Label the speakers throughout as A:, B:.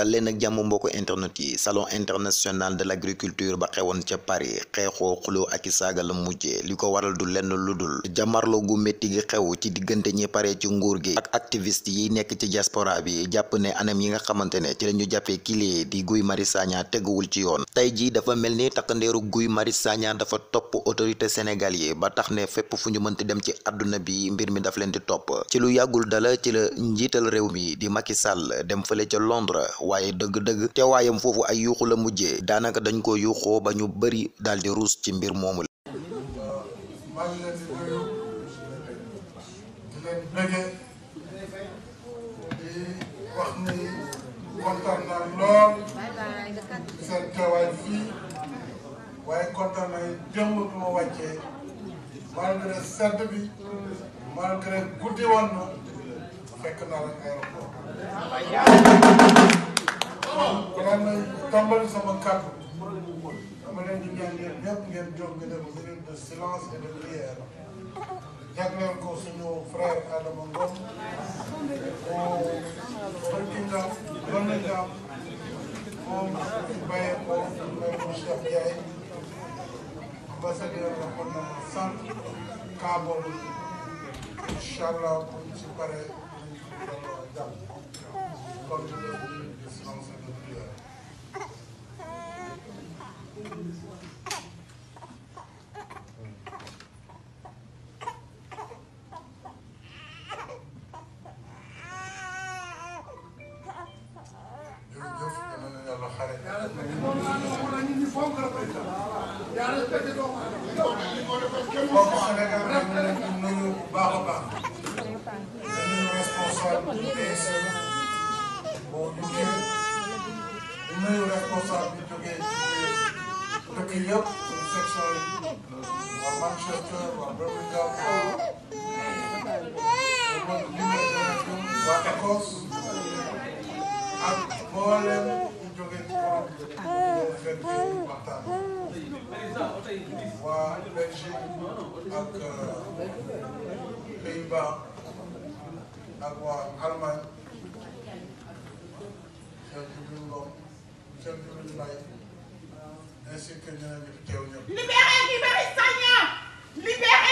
A: dal leen ak jàmm mbokku internet yi salon international de l' agriculture ba xewoon ca Paris xeexoo xuloo ak i saaga la mujjee li ko waral du lenn lu dul jamarlo gu métti gi xew ci diggante ñi pare ci nguur gi ak activiste yi nekk ci diaspora bi jàpp ne anam yi nga xamante ne ci la ñu jàppee kile di Guy Marius Sagna teguwul ci yoon tey jii dafa mel ni takkandeeru Guy Marius Sagna dafa topp autorité sénégal yi ba tax ne fépp fu ñu mënti dem ci àdduna bi mbir mi daf leen di topp ci lu yàggul dala ci la njiital réew mi di Macky Sall dem fële ca Londres waaye dëgg-dëgg teewaayam foofu ay yuuxu la mujjee daanaka dañ ko yuuxoo ba ñu bëri daal di ruus ci mbir moomu kontaan naa lool seen teewaay fii waaye kontaan naa démb bu ma wàccee malgré sedd bi malgré guddi woon na fekk naa rek aéroport.
B: balaa may tàmbali sama kàddu dama leen di ñaan yéen ñëpp ngeen jóg ngeen def minute de silence et de prière. jagleel ko suñu frère Adama Ngom
A: mu Burkina Faso la moom bàyyee ko mu Cheikh Ndiaye ambassadeur la kon na sant
B: kaa boobu incha allah buñ ci paree kon dëkk yëpp section yi waa Manchester waa Birmingham waa Écosse ak mboolem ñu jóge ci borom xeet bi waxtaan
A: waa Belgique ak Pays-Bas ak waa Allemagne seen jublu ngoom seen jublu mbay
B: Libérez Guy Marius Sagna libérez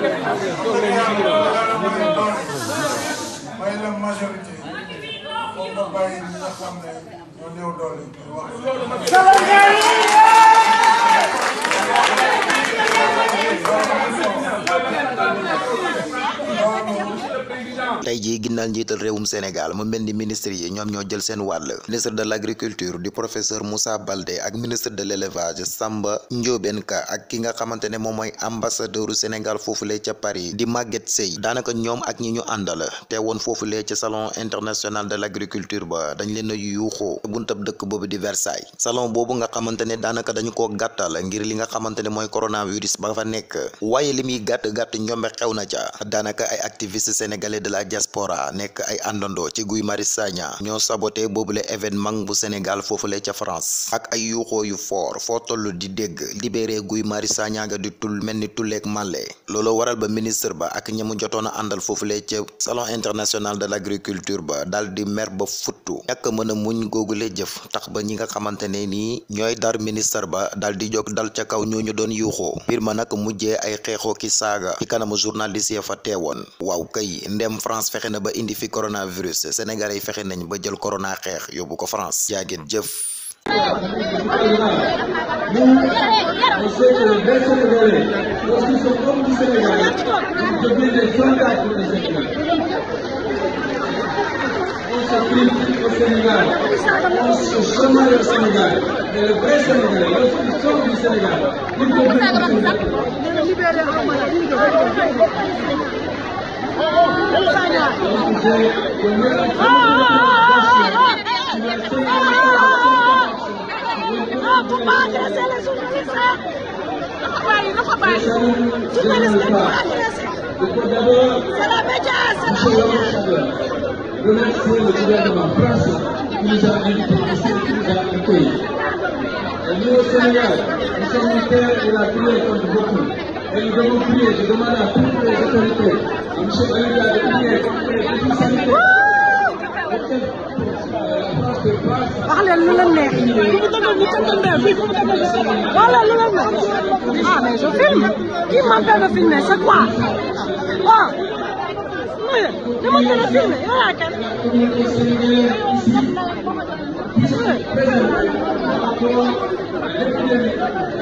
B: may la majorité boo ko bàyyi ñi nga xam ne ñoo néew doole wax
A: tey jii ginnaaw njiital réewum Sénégal mu mel ni ministre yi ñoom ñoo jël seen wàll ministre de l'agriculture di professeur Moussa Baldé ak ministre de l'élevage Samba Ndiobène Ka ak ki nga xamante moom mooy ambassadeuru Sénégal foofulee ca Paris di Maguette Seye daanaka ñoom ak ñi ñu àndal te woon foofulee ca salon international de l'agriculture ba dañ leen a yuuxoo buntab dëkk boobu di salon boobu nga xamante daanaka dañu koo gàttal ngir diaspora nekk ay àndandoo ci Guy Marius Sagna ñoo saboté boobule événement bu Sénégal foofule ca France ak ay yuuxoo yu fort foo toll di dégg libéré Guy Marius Sagna nga di tul mel ni tulleeg màlle looloo waral ba ministre ba ak ñamu jotoon a àndal foofule ca salon international de l' agriculture ba dal di mer ba futtu ñàkk mën a muñ googule jëf tax ba ñi nga xamante ne nii ñooy dar ministre ba dal di jog dal ca kaw ñoo ñu doon yuuxoo mbir ma nag ay xeexoo ki fexe na ba indi fi coronavirus sénégalais yi fexe nañ ba jël corona xeex yóbbu ko France jaageen jëf
B: bu ma agressé la journaliste dafa bàyyi dafa bàyyi journaliste bu agressé c'est la médias c'est la médias le gouvernement français qui nous a invités ici dans le pays. Nous au Sénégal, nous sommes en paix et la prière compte beaucoup. Et nous devons prier, je demande à toutes les autorités, à M. Balinga de prier contre les défis sanitaires. wax leen lu leen neex wax leen lu leen neex ah mais je filme qui m'empêche de filmer c'est quoi ah mais dama gën a filmer yow yaa kan ah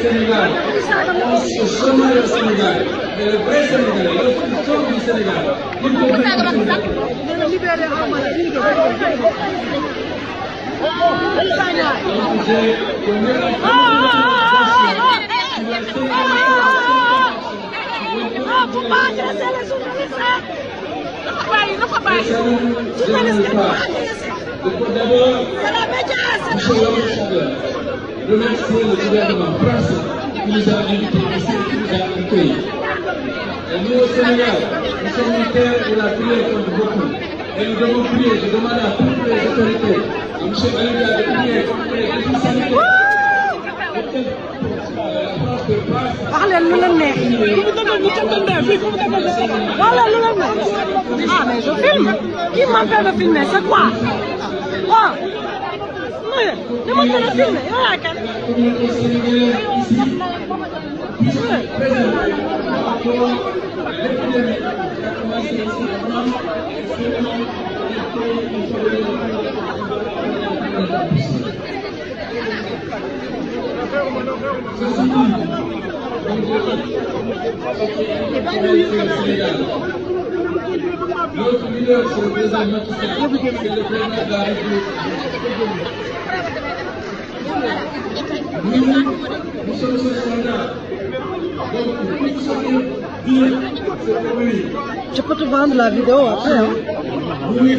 B: Sénégal, pense que seulement le Sénégal, et le vrai Sénégal, le futur du Sénégal, il faut que nous libérer D'abord, remercie le gouvernement français qui nous a invités ici et qui nous a accueillis. Nous, au Sénégal, nous sommes une terre où la prière compte beaucoup. Et nous devons prier, je demande à toutes les autorités, à M. Balinga de prier contre les défis sanitaires. Ah, mais je filme Qui m'appelle de filmer C'est quoi oh. Şöyle. Ne masana filmi. Yorarken. Thank you. Notre leader, c'est le président Macky Sall, c'est le président de la République. Nous, nous sommes ses soldats. Donc, nous savons dire cette commune. Je peux te vendre la vidéo après. Hein? Oui,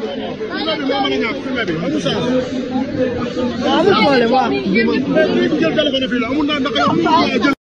B: amul problème
A: waaw